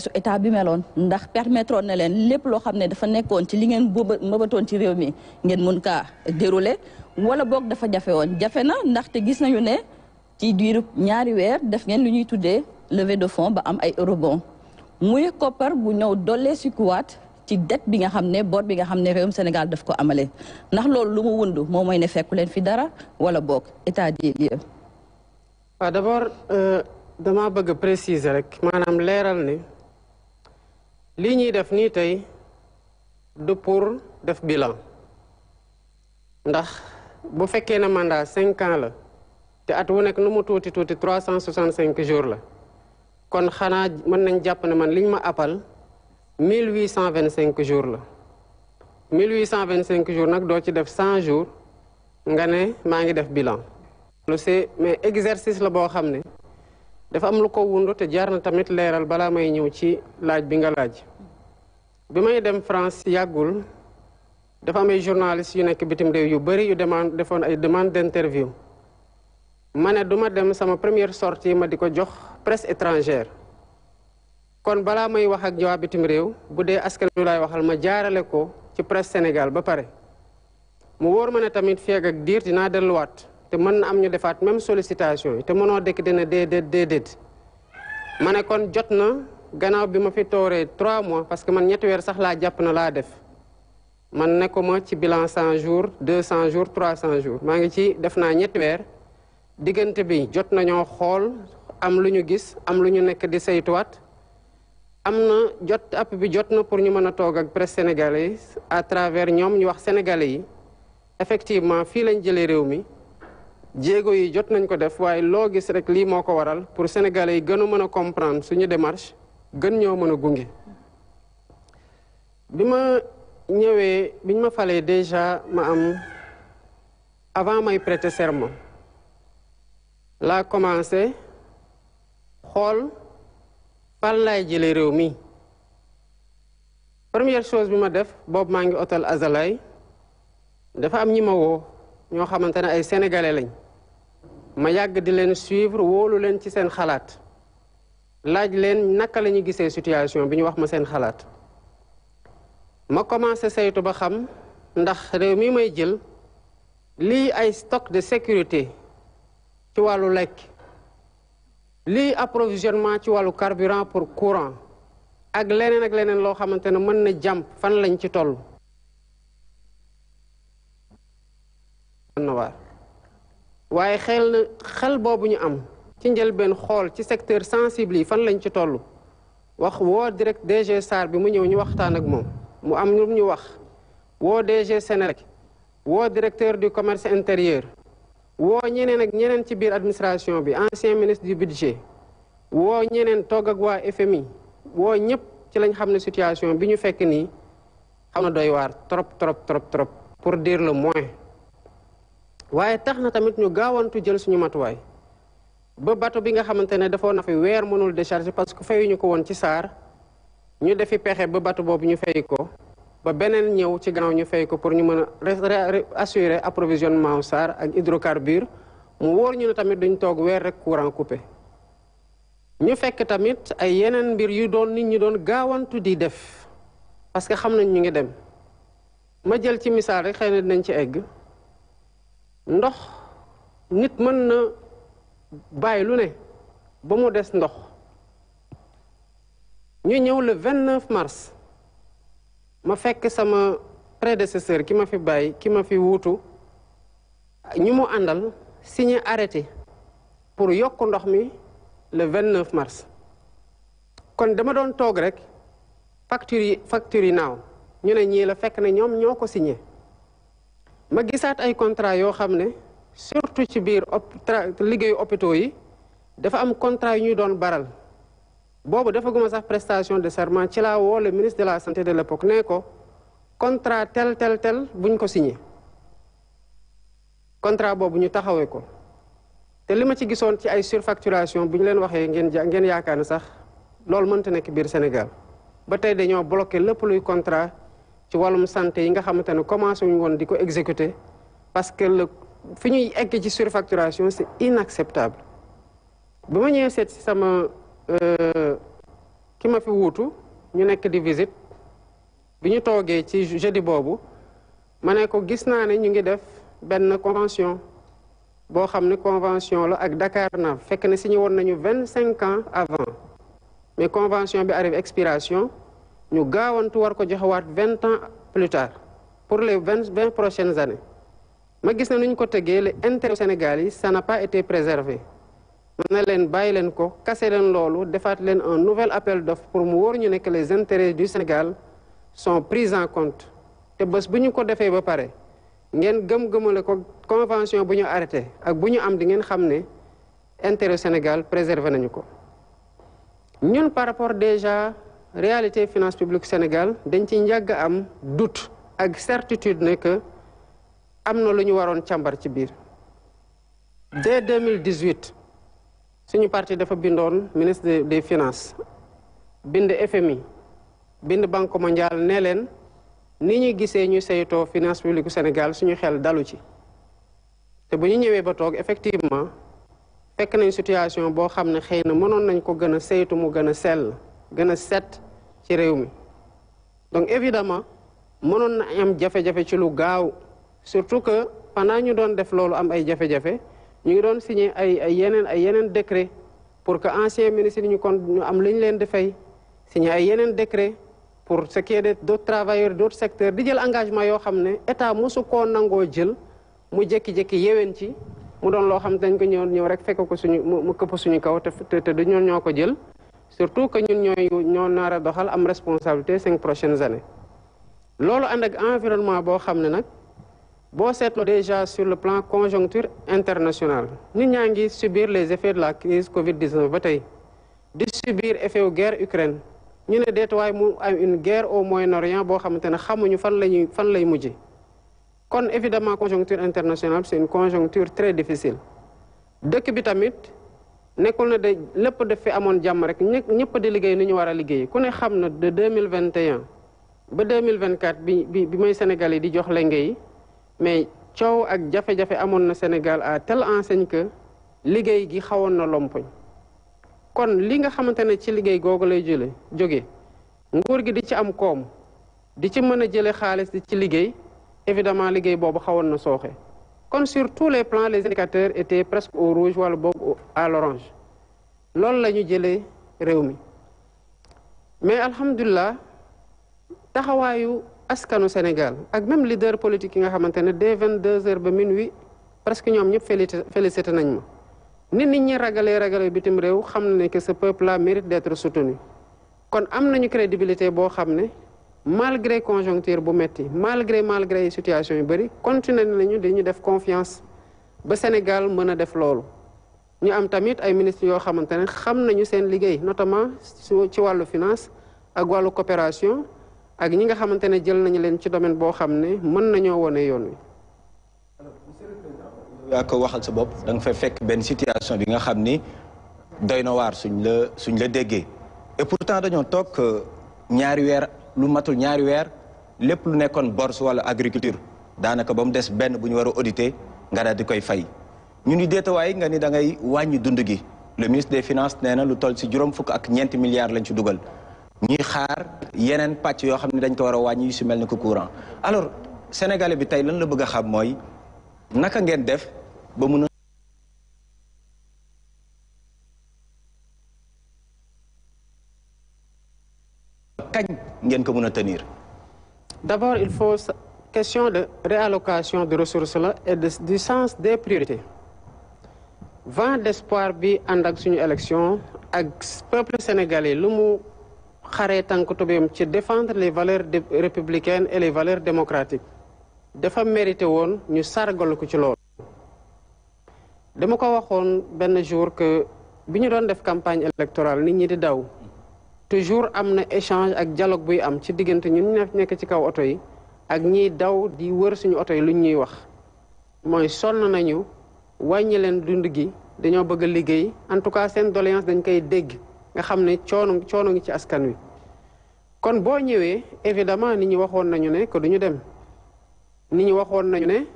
su état bi meloon ndax permettre na leen lépp loo xam ne dafa nekkoon ci li ngeen bëba mëbatoon ci réew mi ngeen mun kaa dérouler wala boog dafa jafe woon jafe na ndaxte gis nañu ne ci diiru ñaari weer def ngeen lu ñuy tuddee levée de fonds ba am ay eurobond muy koppar bu ñëw dole si ci dette bi nga xam ne bor bi nga xam ne réewum Sénégal def ko amale ndax loolu lu mu wund moom mooy ne fekku leen fi dara wala boog état des lieux. waaw d'abord euh, dama bëgg préciser rek maanaam leeral ne. lii ñuy def nii tey du pour def bilan ndax bu fekkee ne mandat cinq ans la te at wu nekk nu mu tuuti tuuti trois cent soixante cinq jours la kon xanaa mën nañ jàpp ne man liñ ma appal mille huit cent vingt cinq jours la mille huit cent vingt cinq jours nag doo ci def cent jours nga ne maa ngi def bilan. lu c'est mais exercice la boo xam ne. dafa am lu ko wundu te jaar na tamit leeral balaa may ñëw ci laaj bi nga laaj bi may dem France yàggul dafa am ay journaliste yu nekk bitim réew yu bëri yu demande defoon ay demande d'interview ma ne duma dem sama première sortie ma di ko jox presse étrangère kon balaa may wax ak waa bitim réew bu dee askan wi laay waxal ma jaarale ko ci presse Sénégal ba pare mu wóor ma ne tamit feeg ak diir dinaa delluwaat te mën na am ñu defaat même sollicitation yi te mënoo dëkk dina déedéet déedéet ma ne kon jot na gannaaw bi ma fi tooree trois mois parce que man ñetti weer sax laa jàpp na laa def man nekkuma ci bilan cent jours deux cent jours trois cent jours maa ngi ci def naa ñetti weer diggante bi jot nañoo xool am lu ñu gis am lu ñu nekk di saytuwaat am na jot app bi jot na pour ñu mën a toog ak presse sénégalais à travers ñoom ñu wax sénégalais yi effectivement fii lañ jëlee réew mi. jéego yi jot nañ ko def waaye loo gis rek lii moo ko waral pour sénégalais yi gënu mën a comprendre suñu démarche gën ñoo mën a gunge. bi ma ñëwee biñ ma falee déjà ma am avant may prêter serment laa commencé xool fan laay jëlee réew mi. première chose bi ma def boobu maa ngi hôtel Azalay dafa am ñi ma woo ñoo xamante ne ay sénégalais lañ. ma yàgg di leen suivre wóolu leen ci seen xalaat laaj leen naka la ñu gisee situation bi ñu wax ma seen xalaat ma commencé saytu ba xam ndax réew mi may jël lii ay stock de sécurité ci wàllu lekk lii approvisionnement ci wàllu carburant pour courant ak leneen ak leneen loo xamante ne mën na jàmp fan lañ ci toll. waaye xel xel boobu ñu am ci njëlbeen xool ci secteur sensible yi fan lañ ci toll wax woo direct DG SAR bi mu ñëw ñu waxtaan ak moom mu am lu ñu wax woo DG Sénélec woo directeur du commerce intérieur woo ñeneen ak ñeneen ci biir administration bi ancien ministre du budget woo ñeneen togg ak waa FMI woo ñëpp ci lañ xam ne situation bi ñu fekk nii xam na doy waar trop trop trop trop pour dire le moins waaye tax na tamit ñu gaawantu jël suñu matuwaay ba bato bi nga xamante ne dafa na fi weer mënul décharger parce que fayuñu ko woon ci saar ñu defi pexe ba bato boobu ñu fay ko ba beneen ñëw ci gannaaw ñu fay ko pour ñu mën a assurer approvisionnement wu saar ak hydrocarbure mu wóor ñu ne tamit duñ toog weer rek courant coupé ñu fekk tamit ay yeneen mbir yu doon nit ñu doon gaawantu di def parce que xam nañ ñu ngi dem ma jël ci misaal rek xëy na dinañ ci egg ndox nit mën na bàyyi lu ne ba mu des ndox ñu ñëw le 29 mars ma fekk sama prédécesseur ki ma fi bàyyi ki ma fi wuutu ñu mu àndal signé arrêté pour yokk ndox mi le 29 mars kon dama doon toog rek facture yi facture yi naaw ñu ne ñii la fekk ne ñoom ñoo ko signé ma gisaat ay contrat yoo xam ne surtout ci biir liggéeyu hôpitaux yi dafa am contrat yu ñu doon baral boobu dafa guma sax prestation de serment ci la woole le ministre de la santé de l'époque ne ko contrat tel tel tel buñ ko signé contrat boobu ñu taxawee ko te li ma ci gisoon ci ay surfacturation bu ñu leen waxee ngeen ja ngeen yaakaar ne sax loolu mënta nekk biir Sénégal ba tey dañoo bloqué lépp luy contrat ci wàllum santé yi nga xamante ne commencé wuñu woon di ko exécuter parce que le fi ñuy egg ci surfacturation c'est inacceptable ba ma ñëwee seet si sama euh, ki ma fi wutu ñu nekk di visite bi ñu toogee ci jeudi boobu ma ne ko gis naa ne ñu ngi def benn convention boo xam ne convention la ak Dakarnave fekk na signé woon nañu vingt cinq ans avant mais convention bi arrive expiration ñu gaawantu war ko joxewaat vingt ans plus tard pour les vingt vingt prochaines années ma gis ne nu ñu ko tegee les intérêts Sénégal yi ça n'a pas été préservé ma leen bàyyi leen ko kase leen loolu defaat leen un nouvel appel d'offres pour mu wóor ñu ne que les intérêts du Sénégal sont en compte te bés bu ñu ko defee ba pare ngeen gëm-gëmale ko convention bu ñu arrêté ak bu ñu am di ngeen xam ne intérêt Sénégal préservé nañu ko ñun par rapport déjà réalité finance publique Sénégal dañ ci njàgg am doute ak certitude ne que am na lu ñu waroon càmbar ci biir dès 2018 suñu parti dafa bindoon ministre des finances bind FMI bind banque mondiale ne leen ni ñu gisee ñu saytoo finance publique Sénégal suñu xel dalu ci te bu ñu ñëwee ba toog effectivement fekk nañ situation boo xam ne xëy na mënoon nañ ko gën a saytu mu gën a sell gën a set ci réew mi donc évidemment mënoon na am jafe-jafe ci lu gaaw surtout que pendant ñu doon def loolu am ay jafe-jafe ñu ngi doon signe ay ay yeneen ay yeneen décret pour que ancien ministre ñu kon ñu am li ñu leen di fay yeneen décret pour ce qui est des d'autres travailleurs di jël engagement yoo xam ne état mosu koo nangoo jël mu jekki jékki yéwén ci mu doon loo xam dañ ko ñëw ñëw rek fekk ko suñu mu suñu kaw te te te du ñoo ñoo ko jël surtout que ñun ñooy ñoo nar a doxal am responsabilité cinq prochaines années loolu ànd ak environnement boo xam ne nag boo seetloo déjà sur le plan conjoncture internationale nit ñaa ngi subir les effets de la crise Covid 19 ba tey di subir e wu guerre Ukraine ñu ne deetuwaay mu am une guerre au Moyen-Orient boo xamante ne xamuñu fan lañuy fan lay mujj kon évidemment conjoncture internationale c'est une conjoncture très difficile dëkk bi nekkul na de lépp daf fi amoon jàmm rek ñë ñëpp di liggéey ni ñu war a liggéey ku ne xam na de deux mille vingt et ba deux mille vingt quatre bi bi bi may Sénégal yi di jox lenge yi mais coow ak jafe-jafe amoon na Sénégal à telle enseigne que liggéey gi xawoon na lompoñ kon li nga xamante ne ci liggéey googu lay jële jóge nguur gi di ci am koom di ci mën a jële xaalis di ci liggéey évidemment liggéey boobu xawoon na sooxe kon sur tous les plans les indicateurs étaient presque au rouge wala boog à l'orange loolu la ñu jëlee réew mi mais alhamdulilah taxawaayu askanu Sénégal ak même leader politique yi nga xamante ne dès vingt deux heures ba minuit presque ñoom ñëpp félicité félicité nañ ma nit ñi ragalee ragalee bitim réew xam na ne que ce peuple là mérite d'être soutenu kon am nañu crédibilité boo xam ne malgré conjoncture bu metti malgré malgré situation yu bëri continuer nañu dañu def confiance ba Sénégal mën a def loolu ñu am tamit ay ministres yoo xamante ne xam nañu seen liggéey notamment ci wàllu finance ak wàllu coopération ak ñi nga xamante ne jël nañu leen ci domaine boo xam ne mën nañoo wone yoon wi. yaa ko waxal sa bopp da nga fay fekk benn situation bi nga xam ni doy na waar suñ la suñ la déggee et pourtant dañoo toog euh, ñaari weer. lu matul ñaari weer lépp lu nekkoon borse wala agriculture daanaka ba mu des benn bu ñu war a auditer nga daal di koy fay ñu ni déetawaay nga ni da ngay wàññi dund gi le ministre de finance nee na lu toll si juróom fukk ak ñeenti milliards lañ ci dugal ñuy xaar yeneen pàcc yoo xam ne dañ ko war a wàññi yu si mel ni ko courant alors sénégalais bi tey lan la bëgg a xam mooy naka ngeen def ba mun ngeen ko mën a tenir. d'abord il faut question de réallocation de ressources la et de du sens des priorités. vent d'espoir bi ànd ak suñu élection ak peuple sénégalais lu mu xaree tànk tubéem ci défendre les valeurs républicaines et les valeurs démocratiques dafa mérité woon ñu sargal ko ci loolu. dama ko waxoon benn jour que bi ñu doon def campagne électorale nit ñi di daw toujours am na échange ak jaloog buy am ci diggante ñu ñun nekk ci kaw oto yi ak ñiy daw di wër suñu oto yi lu ñuy wax mooy sonn nañu wàññi leen dund gi dañoo bëgg liggéey en tout cas seen doléance dañ koy dégg nga xam ne coono coono ngi ci askan wi. kon boo ñëwee évidemment ni ñi waxoon nañu ne que duñu dem ni ñu waxoon nañu ne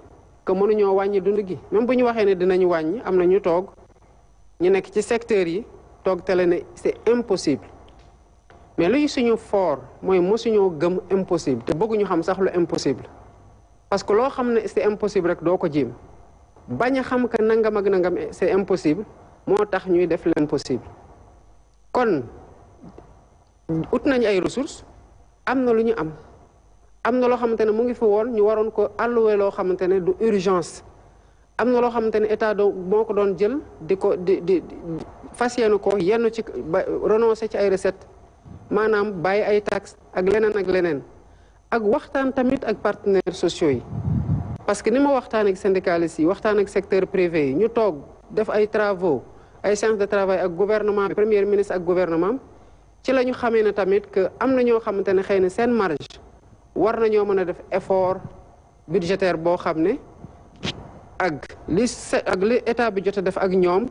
que mënuñoo wàññi dund gi même bu ñu waxee ne dinañu wàññi am na ñu toog ñu nekk ci secteur yi toog tele ne c'est impossible. mais luy suñu fort mooy mosuñoo gëm impossible te bëgguñu xam sax lu impossible parce que loo xam ne c'est impossible rek doo ko jéem bañ a xam que nangam ak nangam c'est impossible moo tax ñuy def l'impossible kon ut nañ ay ressources am na lu ñu am am na loo xamante ne mu ngi fi woon ñu waroon ko alloué loo xamante ne du urgence am na loo xamante ne état doo moo ko doon jël di ko di di fas yéene ko yenn ci ba renoncé ci ay recettes maanaam bàyyi ay tax ak leneen ak leneen ak waxtaan tamit ak partenaires sociaux yi parce que ni ma waxtaan ak syndicalistes yi waxtaan ak secteur privé yi ñu toog def ay travaux ay séances de travail ak gouvernement première ministre ak gouvernement ci la ñu xamee ne tamit que am na ñoo xamante ne xëy na seen marge war nañoo mën a def effort budgétaire boo xam ne ak li ak bi jot a def ak ñoom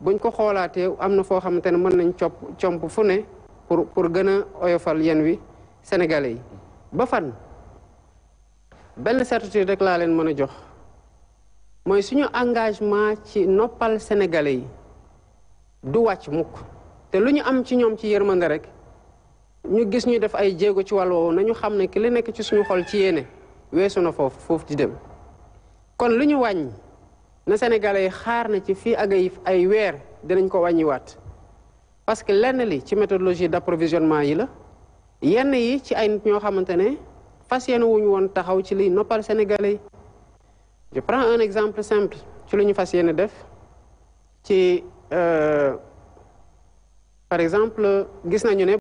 buñ ko xoolaatee am na foo xamante ne mën nañ cop comp fu pour pour gën a oyofal yen wi sénégalais yi ba fan benn certitude rek laa leen mën a jox mooy suñu engagement ci noppal sénégalais yi du wàcc mukk te lu ñu am ci ñoom ci yërmande rek ñu gis ñu def ay jéego ci wàll na ñu xam ne ki li nekk ci suñu xol ci yéene weesu na foofu foofu di dem kon lu ñu wàññ na sénégalais yi xaar na ci fii ak ay weer dinañ ko wàññiwaat parce que lenn li ci méthodologie d'approvisionnement yi la yenn yi ci ay nit ñoo xamante ne fas yéene wuñu woon taxaw ci liy noppal sénégalais yi je un exemple simple ci lu ñu fas yéene def ci euh, par exemple gis nañu ne